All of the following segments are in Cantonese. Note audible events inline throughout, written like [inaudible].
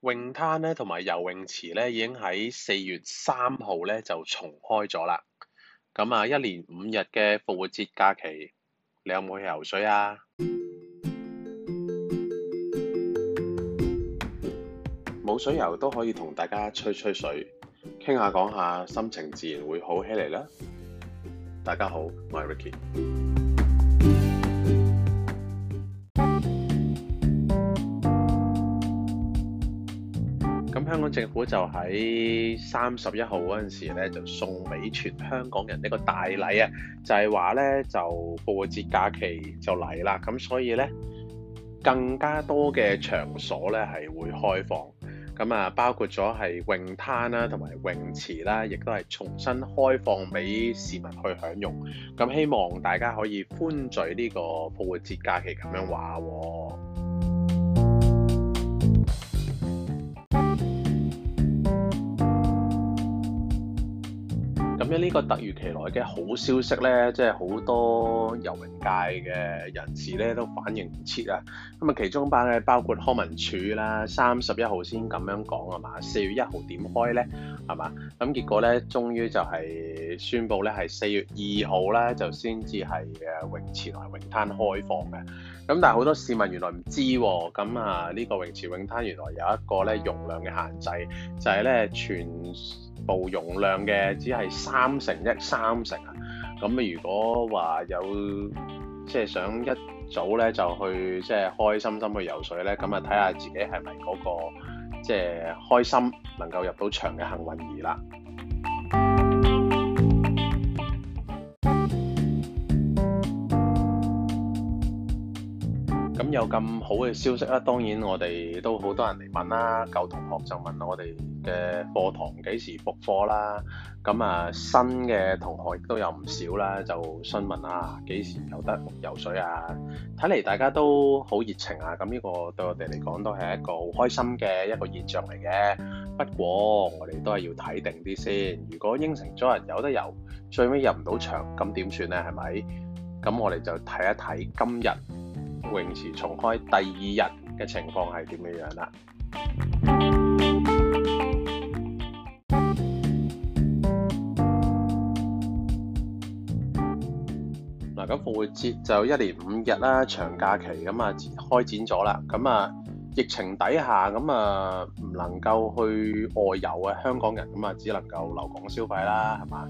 泳灘咧同埋游泳池咧，已經喺四月三號咧就重開咗啦。咁啊，一連五日嘅復活節假期，你有冇去游水啊？冇水游都可以同大家吹吹水，傾下講下，心情自然會好起嚟啦。大家好，我係 Ricky。香港政府就喺三十一號嗰陣時咧，就送俾全香港人一個大禮啊！就係話咧，就復活節假期就嚟啦，咁所以咧，更加多嘅場所咧係會開放，咁啊，包括咗係泳灘啦，同埋泳池啦，亦都係重新開放俾市民去享用。咁希望大家可以歡聚呢個復活節假期，咁樣話。咁呢個突如其來嘅好消息咧，即係好多游泳界嘅人士咧都反應唔切啊！咁啊，其中班咧包括康文署啦，三十一號先咁樣講啊嘛，四月一號點開咧？係嘛？咁結果咧，終於就係宣布咧係四月二號咧就先至係誒泳池同埋泳灘開放嘅。咁但係好多市民原來唔知喎，咁啊呢個泳池泳灘原來有一個咧容量嘅限制，就係咧全部容量嘅只係三成一、三成啊！咁如果話有即係、就是、想一早咧就去即係、就是、開心心去游水咧，咁啊睇下自己係咪嗰個即係、就是、開心能夠入到場嘅幸運兒啦！咁 [music] 有咁好嘅消息啦，當然我哋都好多人嚟問啦，舊同學就問我哋。嘅課堂幾時復課啦？咁啊，新嘅同學亦都有唔少啦，就詢問游游啊，幾時有得游水啊？睇嚟大家都好熱情啊！咁呢個對我哋嚟講都係一個好開心嘅一個現象嚟嘅。不過我哋都係要睇定啲先。如果應承咗人有得游，最尾入唔到場，咁點算呢？係咪？咁我哋就睇一睇今日泳池重開第二日嘅情況係點樣樣啦。咁復活節就一連五日啦，長假期咁啊、嗯，開展咗啦。咁、嗯、啊，疫情底下咁啊，唔、嗯、能夠去外遊啊，香港人咁啊，只能夠留港消費啦，係嘛？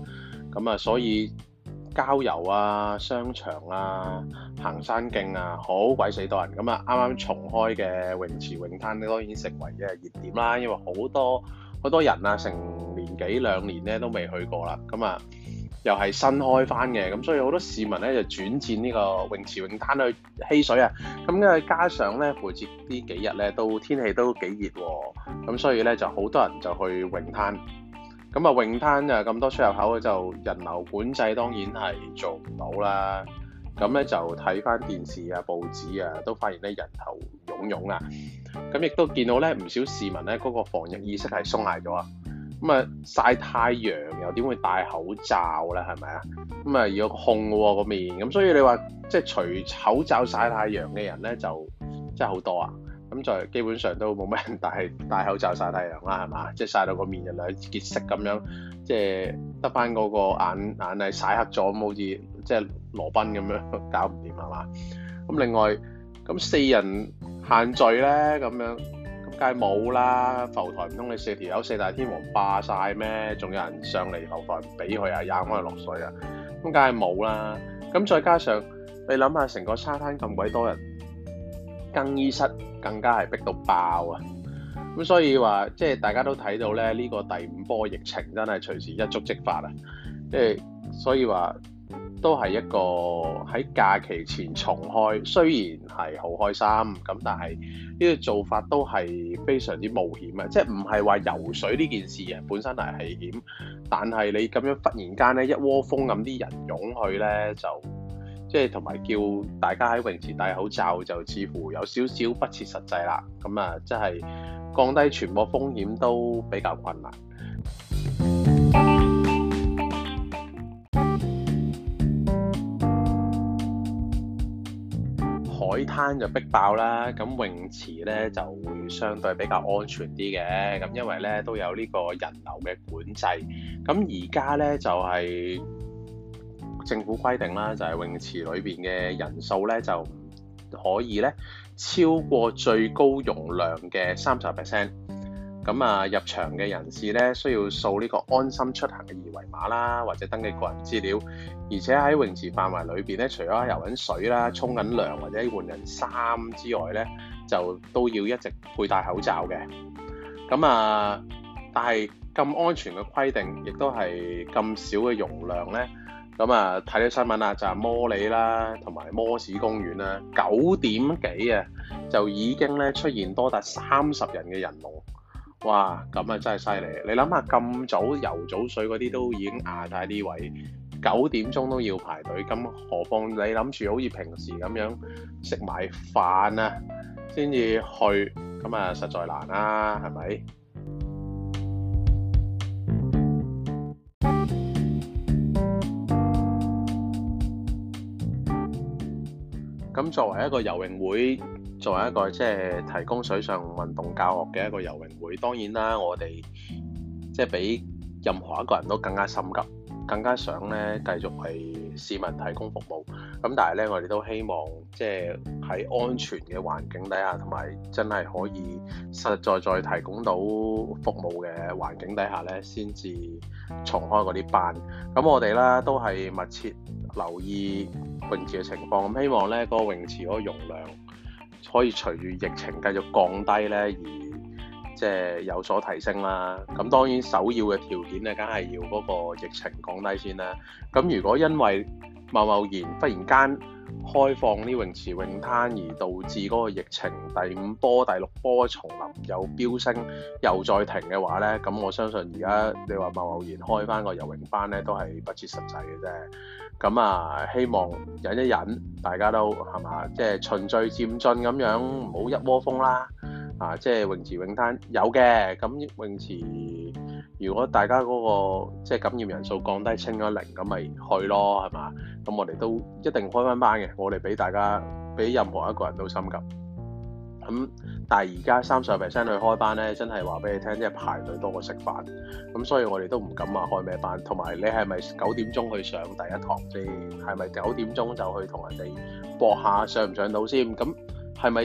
咁、嗯、啊，所以郊遊啊、商場啊、行山徑啊，好鬼死多人。咁、嗯、啊，啱、嗯、啱重開嘅泳池泳灘當然成為嘅熱點啦，因為好多好多人啊，成年幾兩年咧都未去過啦。咁、嗯、啊～、嗯又係新開翻嘅，咁所以好多市民咧就轉戰呢個泳池泳灘去嬉水啊！咁啊加上咧，復活節呢幾日咧都天氣都幾熱喎，咁所以咧就好多人就去泳灘。咁啊泳灘又、啊、咁多出入口，就人流管制當然係做唔到啦。咁咧就睇翻電視啊、報紙啊，都發現咧人頭湧湧啊。咁亦都見到咧唔少市民咧嗰、嗰個防疫意識係鬆懈咗啊！咁啊曬太陽又點會戴口罩咧？係咪啊？咁啊要控個面，咁所以你話即係除口罩曬太陽嘅人咧，就真係好多啊！咁就基本上都冇咩人戴戴口罩曬太陽啦，係嘛？即係曬到面就個面又兩結色咁樣，即係得返嗰個眼眼係曬黑咗，咁好似即係羅賓咁樣搞唔掂係嘛？咁另外咁四人限聚咧咁樣。梗係冇啦，浮台唔通你四條友四大天王霸晒咩？仲有人上嚟浮台俾佢啊？廿蚊又落水啊？咁梗係冇啦。咁再加上你諗下，成個沙灘咁鬼多人，更衣室更加係逼到爆啊！咁所以話，即係大家都睇到咧，呢個第五波疫情真係隨時一觸即發啊！即係所以話。都係一個喺假期前重開，雖然係好開心，咁但係呢個做法都係非常之冒險啊！即係唔係話游水呢件事啊，本身係危險，但係你咁樣忽然間咧一窩蜂咁啲人湧去咧，就即係同埋叫大家喺泳池戴口罩，就似乎有少少不切實際啦。咁啊，即係降低傳播風險都比較困難。泳灘就逼爆啦，咁泳池咧就會相對比較安全啲嘅，咁因為咧都有呢個人流嘅管制。咁而家咧就係政府規定啦，就係泳池裏邊嘅人數咧就可以咧超過最高容量嘅三十 percent。咁啊！入場嘅人士咧，需要掃呢個安心出行嘅二維碼啦，或者登記個人資料。而且喺泳池範圍裏邊咧，除咗遊緊水啦、沖緊涼或者換緊衫之外咧，就都要一直佩戴口罩嘅。咁啊，但係咁安全嘅規定，亦都係咁少嘅容量咧。咁啊，睇咗新聞啦，就係、是、摩利啦同埋摩士公園啦，九點幾啊，就已經咧出現多達三十人嘅人龍。哇！咁咪，真係犀利！你諗下咁早游早水嗰啲都已經壓曬呢位，九點鐘都要排隊，咁何況你諗住好似平時咁樣食埋飯啊，先至去咁咪，實在難啦，係咪？咁作為一個游泳會。作為一個即係提供水上運動教學嘅一個游泳會，當然啦，我哋即係比任何一個人都更加心急，更加想咧繼續為市民提供服務。咁但係咧，我哋都希望即係喺安全嘅環境底下，同埋真係可以實實在在提供到服務嘅環境底下咧，先至重開嗰啲班。咁我哋啦都係密切留意泳池嘅情況，咁希望咧個泳池嗰個容量，可以隨住疫情繼續降低咧，而即係有所提升啦。咁當然首要嘅條件咧，梗係要嗰個疫情降低先啦。咁如果因為貿貿然忽然間開放呢泳池泳灘，而導致嗰個疫情第五波、第六波重臨又飆升又再停嘅話咧，咁我相信而家你話貿貿然開返個游泳班咧，都係不切實際嘅啫。咁啊，希望忍一忍，大家都係嘛，即係循序漸進咁樣，唔好一窩蜂啦。啊，即係泳池泳灘有嘅，咁泳池如果大家嗰個即係感染人數降低清咗零，咁咪去咯，係嘛？咁我哋都一定開翻班嘅，我哋比大家比任何一個人都心急。咁，但係而家三十 percent 去開班咧，真係話俾你聽，即係排隊多過食飯。咁所以，我哋都唔敢話開咩班。同埋，你係咪九點鐘去上第一堂先？係咪九點鐘就去同人哋搏下上唔上到先？咁係咪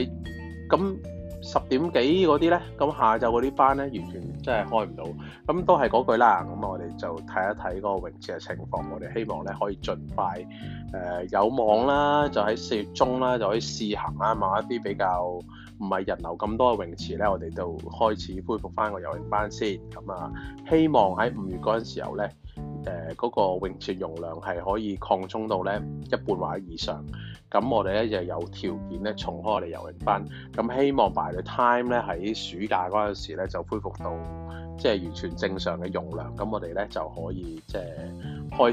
咁十點幾嗰啲咧？咁下晝嗰啲班咧，完全真係開唔到。咁都係嗰句啦。咁我哋就睇一睇嗰個泳池嘅情況。我哋希望咧可以盡快誒有望啦，就喺四月中啦，就可以試行啦，某一啲比較唔係人流咁多嘅泳池咧，我哋就開始恢復翻個游泳班先。咁啊，希望喺五月嗰陣時候咧，誒嗰個泳池容量係可以擴充到咧一半或者以上。咁我哋咧就有條件咧重開我哋游泳班。咁希望 by the time 咧喺暑假嗰陣時咧就恢復到即係完全正常嘅容量。咁我哋咧就可以即係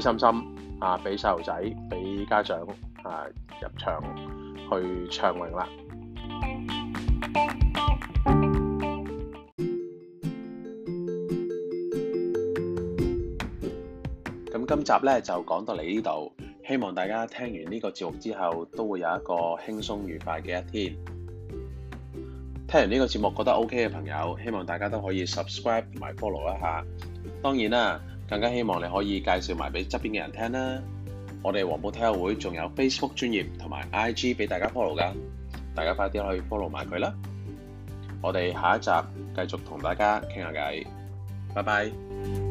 開心心啊，俾細路仔、俾家長啊入場去暢泳啦。咁今集咧就講到嚟呢度，希望大家聽完呢個節目之後都會有一個輕鬆愉快嘅一天。聽完呢個節目覺得 OK 嘅朋友，希望大家都可以 subscribe 同埋 follow 一下。當然啦，更加希望你可以介紹埋俾側邊嘅人聽啦。我哋黃埔體育會仲有 Facebook 專頁同埋 IG 俾大家 follow 噶。大家快啲去 follow 埋佢啦！我哋下一集繼續同大家傾下偈，拜拜。